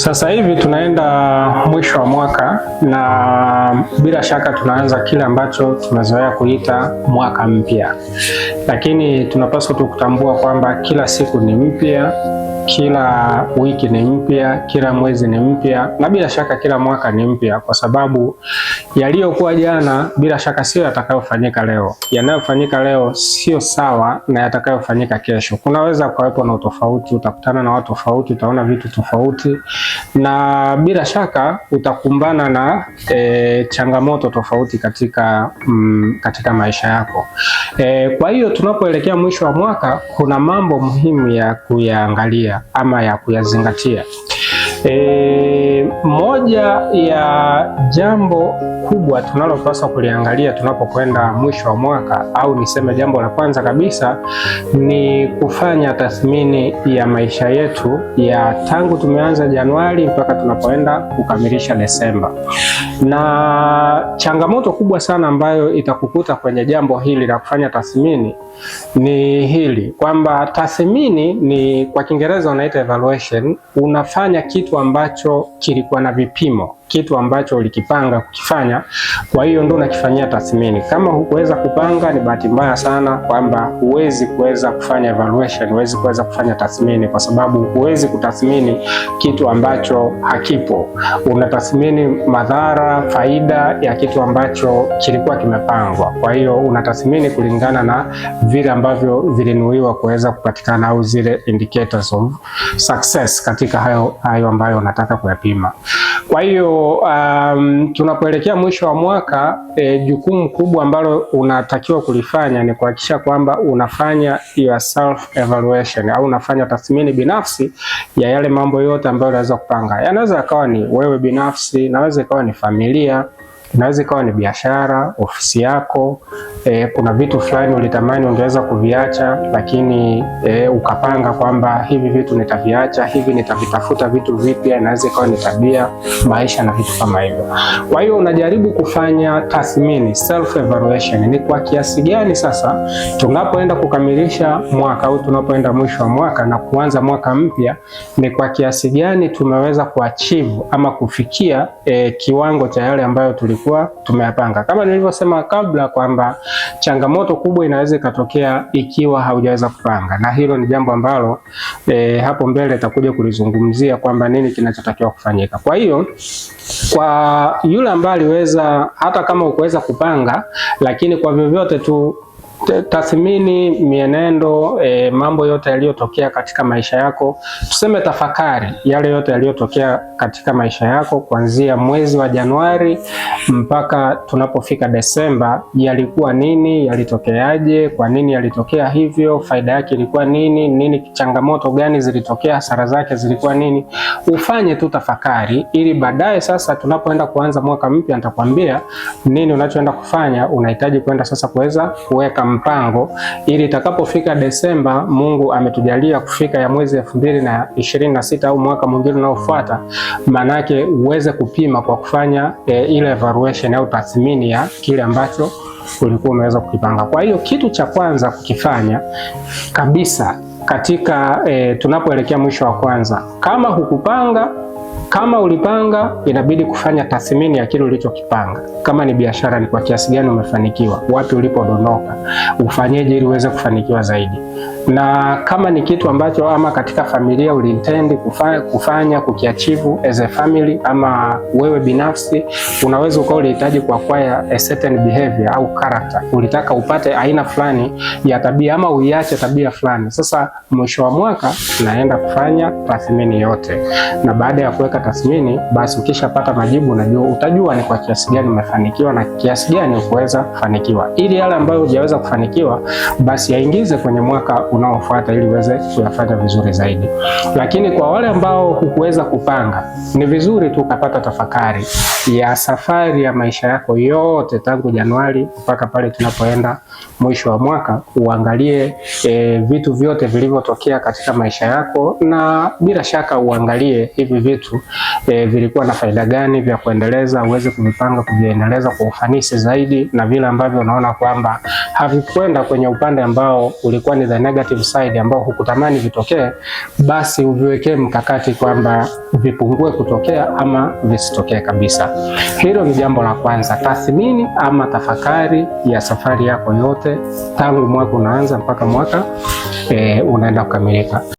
Sasa hivi tunaenda mwisho wa mwaka na bila shaka tunaanza kile ambacho tumezoea kuita mwaka mpya, lakini tunapaswa tu kutambua kwamba kila siku ni mpya, kila wiki ni mpya, kila mwezi ni mpya, na bila shaka kila mwaka ni mpya, kwa sababu yaliyokuwa jana bila shaka sio yatakayofanyika leo. Yanayofanyika leo sio sawa na yatakayofanyika kesho. Kunaweza kuwepo na utofauti, utakutana na watu tofauti, utaona vitu tofauti na bila shaka utakumbana na e, changamoto tofauti katika, mm, katika maisha yako e, kwa hiyo tunapoelekea mwisho wa mwaka kuna mambo muhimu ya kuyaangalia ama ya kuyazingatia. E, moja ya jambo kubwa tunalopaswa kuliangalia tunapokwenda mwisho wa mwaka au niseme jambo la kwanza kabisa ni kufanya tathmini ya maisha yetu ya tangu tumeanza Januari mpaka tunapoenda kukamilisha Desemba. Na changamoto kubwa sana ambayo itakukuta kwenye jambo hili la kufanya tathmini ni hili kwamba tathmini ni kwa Kiingereza unaita evaluation, unafanya kitu kitu ambacho kilikuwa na vipimo kitu ambacho ulikipanga kukifanya, kwa hiyo ndo unakifanyia tathmini. Kama hukuweza kupanga, ni bahati mbaya sana kwamba huwezi kuweza kufanya evaluation, huwezi kuweza kufanya tathmini, kwa sababu huwezi kutathmini kitu ambacho hakipo. Unatathmini madhara, faida ya kitu ambacho kilikuwa kimepangwa. Kwa hiyo unatathmini kulingana na vile ambavyo vilinuiwa kuweza kupatikana au zile indicators of success katika hayo hayo ambayo unataka kuyapima. Kwa hiyo um, tunapoelekea mwisho wa mwaka e, jukumu kubwa ambalo unatakiwa kulifanya ni kuhakikisha kwamba unafanya your self evaluation au unafanya tathmini binafsi ya yale mambo yote ambayo unaweza kupanga. Yanaweza yakawa ni wewe binafsi, naweza ikawa ni familia Inaweza ikawa ni biashara, ofisi yako. E, kuna vitu fulani ulitamani ungeweza kuviacha, lakini e, ukapanga kwamba hivi vitu nitaviacha, hivi nitavitafuta vitu vipya. Inaweza ikawa ni tabia, maisha na vitu kama hivyo. Kwa hiyo unajaribu kufanya tathmini, self evaluation, ni kwa kiasi gani sasa tunapoenda kukamilisha mwaka au tunapoenda mwisho wa mwaka na kuanza mwaka mpya, ni kwa kiasi gani tumeweza kuachieve ama kufikia e, kiwango cha yale ambayo tulikuwa tulikuwa tumeyapanga. Kama nilivyosema kabla kwamba changamoto kubwa inaweza ikatokea ikiwa haujaweza kupanga, na hilo ni jambo ambalo e, hapo mbele takuja kulizungumzia kwamba nini kinachotakiwa kufanyika. Kwa hiyo kwa yule ambaye aliweza, hata kama ukuweza kupanga, lakini kwa vyovyote tu tathmini mienendo, e, mambo yote yaliyotokea katika maisha yako, tuseme tafakari yale yote yaliyotokea katika maisha yako kuanzia mwezi wa Januari mpaka tunapofika Desemba, yalikuwa nini? Yalitokeaje? Kwa nini yalitokea hivyo? Faida yake ilikuwa nini? Nini changamoto gani zilitokea? Hasara zake zilikuwa nini? Ufanye tu tafakari, ili baadaye sasa tunapoenda kuanza mwaka mpya, nitakwambia nini unachoenda kufanya. Unahitaji kwenda sasa kuweza kuweka mpango ili itakapofika Desemba, Mungu ametujalia kufika ya mwezi elfu mbili na ishirini na sita au mwaka mwingine unaofuata, maanake uweze kupima kwa kufanya e, ile evaluation au tathmini ya kile ambacho ulikuwa umeweza kukipanga. Kwa hiyo kitu cha kwanza kukifanya kabisa katika e, tunapoelekea mwisho wa kwanza, kama hukupanga kama ulipanga, inabidi kufanya tathmini ya kile ulichokipanga. Kama ni biashara, ni kwa kiasi gani umefanikiwa, wapi ulipodondoka, ufanyeje ili uweze kufanikiwa zaidi. Na kama ni kitu ambacho ama katika familia uliintendi kufanya, kufanya kukiachivu as a family, ama wewe binafsi unaweza ukawa ulihitaji kuacquire a certain behavior au character, ulitaka upate aina fulani ya tabia ama uiache tabia fulani. Sasa mwisho wa mwaka tunaenda kufanya tathmini yote, na baada ya kuweka tathmini, basi ukishapata majibu unajua, utajua ni kwa kiasi gani umefanikiwa na kiasi gani ukuweza kufanikiwa, ili yale ambayo hujaweza kufanikiwa basi yaingize kwenye mwaka unaofuata ili uweze kuyafanya vizuri zaidi. Lakini kwa wale ambao hukuweza kupanga, ni vizuri tu ukapata tafakari ya safari ya maisha yako yote tangu Januari mpaka pale tunapoenda mwisho wa mwaka, uangalie e, vitu vyote vilivyotokea katika maisha yako, na bila shaka uangalie hivi vitu e, vilikuwa na faida gani vya kuendeleza, uweze kuvipanga kuviendeleza kwa ufanisi zaidi, na vile ambavyo unaona kwamba havikwenda kwenye upande ambao ulikuwa ni the negative side ambao hukutamani vitokee, basi uviwekee mkakati kwamba vipungue kutokea ama visitokee kabisa. Hilo ni jambo la kwanza, tathmini ama tafakari ya safari yako yote tangu mwaka unaanza mpaka mwaka e, unaenda kukamilika.